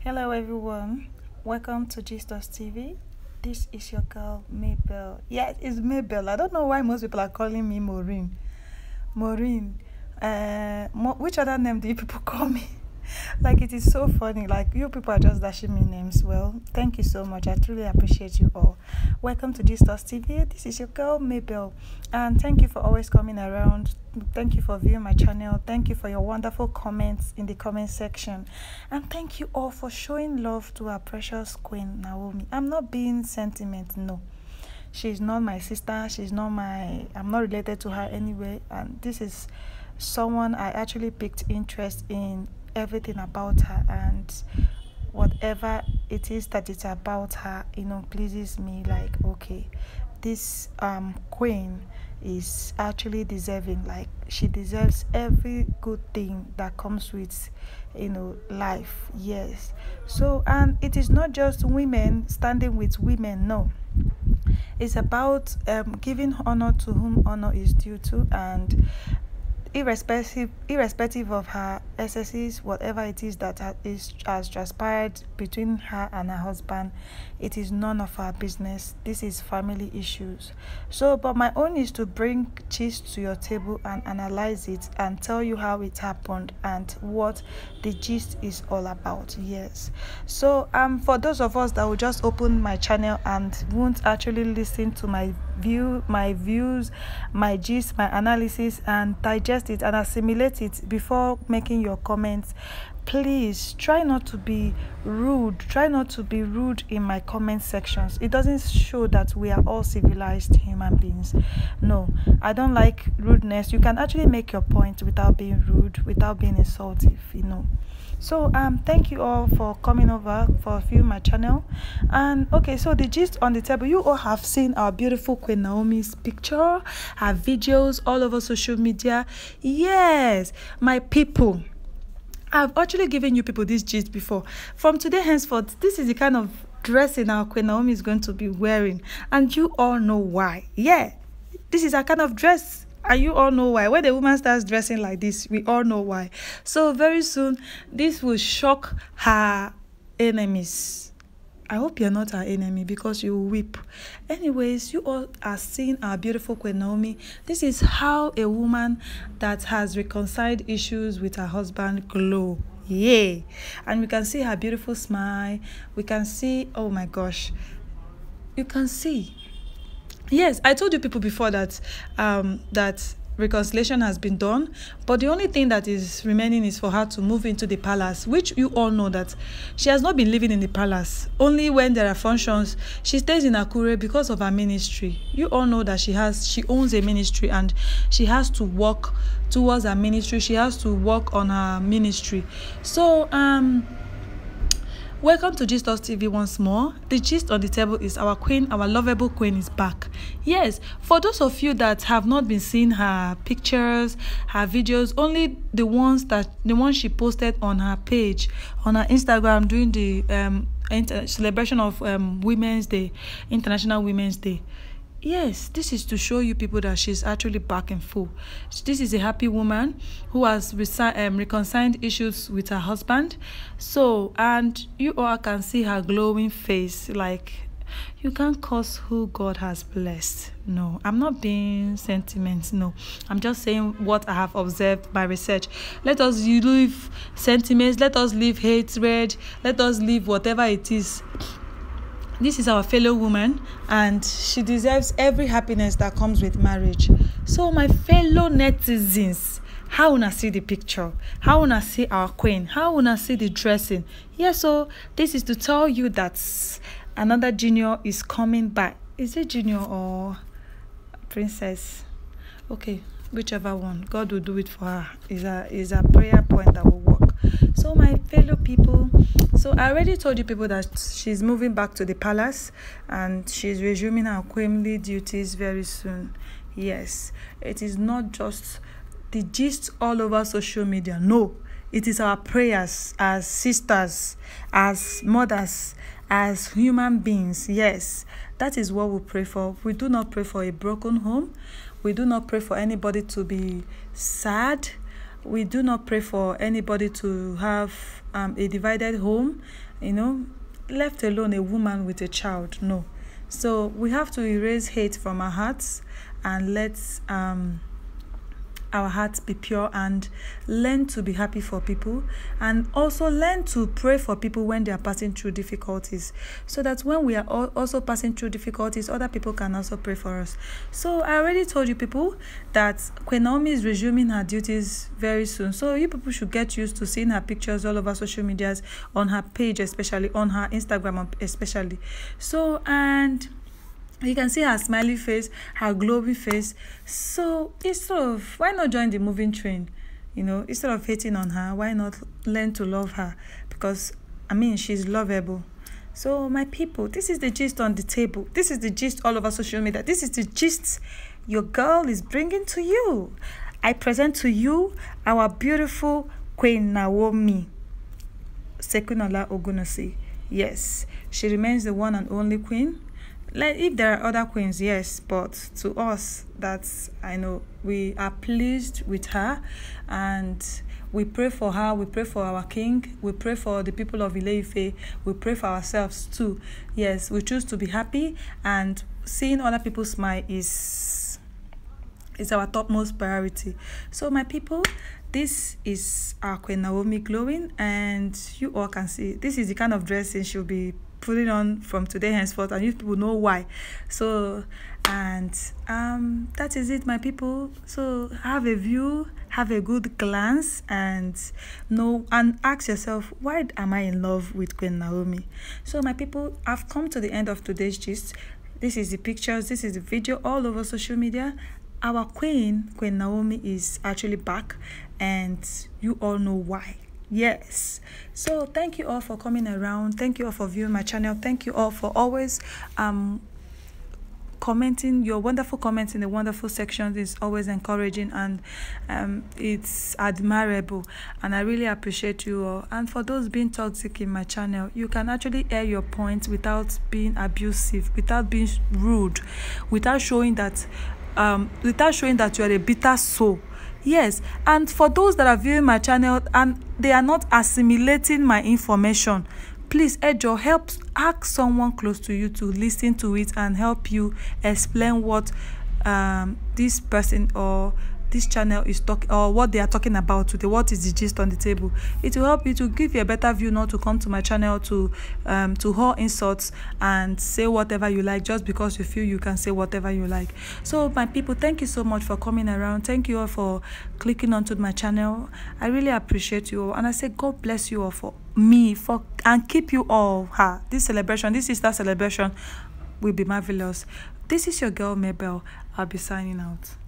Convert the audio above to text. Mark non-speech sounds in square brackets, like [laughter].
Hello everyone, welcome to Jesus TV. This is your girl Maybell. Yes, it's Maybell. I don't know why most people are calling me Maureen. Maureen. Uh, which other name do you people call me? [laughs] like it is so funny like you people are just dashing me names well thank you so much i truly appreciate you all welcome to this Toss tv this is your girl mabel and thank you for always coming around thank you for viewing my channel thank you for your wonderful comments in the comment section and thank you all for showing love to our precious queen naomi i'm not being sentiment no she's not my sister she's not my i'm not related to her anyway and this is someone i actually picked interest in everything about her and whatever it is that it's about her you know pleases me like okay this um queen is actually deserving like she deserves every good thing that comes with you know life yes so and it is not just women standing with women no it's about um, giving honor to whom honor is due to and irrespective irrespective of her excesses whatever it is that has transpired between her and her husband it is none of our business this is family issues so but my own is to bring cheese to your table and analyze it and tell you how it happened and what the gist is all about yes so um for those of us that will just open my channel and won't actually listen to my view my views my gist my analysis and digest it and assimilate it before making your comments please try not to be rude try not to be rude in my comment sections it doesn't show that we are all civilized human beings no i don't like rudeness you can actually make your point without being rude without being insultive you know so um thank you all for coming over for viewing my channel and okay so the gist on the table you all have seen our beautiful queen naomi's picture her videos all over social media yes my people I've actually given you people this gist before. From today henceforth, this is the kind of dressing our Queen Naomi is going to be wearing. And you all know why. Yeah, this is a kind of dress and you all know why when the woman starts dressing like this we all know why so very soon this will shock her enemies i hope you're not her enemy because you weep anyways you all are seeing our beautiful queen naomi this is how a woman that has reconciled issues with her husband glow yay and we can see her beautiful smile we can see oh my gosh you can see Yes, I told you people before that um, that reconciliation has been done, but the only thing that is remaining is for her to move into the palace, which you all know that she has not been living in the palace. Only when there are functions, she stays in Akure because of her ministry. You all know that she has she owns a ministry and she has to work towards her ministry. She has to work on her ministry. So um Welcome to Gist TV once more. The gist on the table is our queen, our lovable queen is back. Yes, for those of you that have not been seeing her pictures, her videos, only the ones that the ones she posted on her page, on her Instagram during the um, celebration of um, Women's Day, International Women's Day. Yes, this is to show you people that she's actually back in full. This is a happy woman who has um, reconciled issues with her husband. So, and you all can see her glowing face like you can't curse who God has blessed. No, I'm not being sentimental. No, I'm just saying what I have observed by research. Let us leave sentiments, let us leave hatred, let us leave whatever it is this is our fellow woman, and she deserves every happiness that comes with marriage. So, my fellow netizens, how una see the picture? How una see our queen? How una see the dressing? Yes, yeah, so this is to tell you that another junior is coming back. Is it junior or princess? Okay, whichever one. God will do it for her. Is a is a prayer point that will so my fellow people so i already told you people that she's moving back to the palace and she's resuming her queenly duties very soon yes it is not just the gist all over social media no it is our prayers as sisters as mothers as human beings yes that is what we pray for we do not pray for a broken home we do not pray for anybody to be sad we do not pray for anybody to have um, a divided home, you know, left alone a woman with a child. No. So we have to erase hate from our hearts and let's um, our hearts be pure and learn to be happy for people and also learn to pray for people when they are passing through difficulties so that when we are also passing through difficulties other people can also pray for us so i already told you people that queen naomi is resuming her duties very soon so you people should get used to seeing her pictures all over social medias on her page especially on her instagram especially so and you can see her smiley face her glowy face so instead of why not join the moving train you know instead of hating on her why not learn to love her because i mean she's lovable so my people this is the gist on the table this is the gist all over social media this is the gist your girl is bringing to you i present to you our beautiful queen naomi sekunola ogunasi yes she remains the one and only queen like if there are other queens yes but to us that's i know we are pleased with her and we pray for her we pray for our king we pray for the people of ileife we pray for ourselves too yes we choose to be happy and seeing other people smile is is our topmost priority so my people this is our queen naomi glowing and you all can see this is the kind of dressing she'll be putting on from today henceforth and you people know why so and um that is it my people so have a view have a good glance and know and ask yourself why am i in love with queen naomi so my people i've come to the end of today's gist this is the pictures this is the video all over social media our queen queen naomi is actually back and you all know why yes so thank you all for coming around thank you all for viewing my channel thank you all for always um commenting your wonderful comments in the wonderful sections is always encouraging and um, it's admirable and i really appreciate you all and for those being toxic in my channel you can actually air your points without being abusive without being rude without showing that um, without showing that you are a bitter soul Yes, and for those that are viewing my channel and they are not assimilating my information, please or help ask someone close to you to listen to it and help you explain what um, this person or this channel is talking or what they are talking about today what is the gist on the table it will help you to give you a better view not to come to my channel to um to haul insults and say whatever you like just because you feel you can say whatever you like so my people thank you so much for coming around thank you all for clicking onto my channel i really appreciate you all and i say god bless you all for me for and keep you all ha this celebration this is that celebration will be marvelous this is your girl mabel i'll be signing out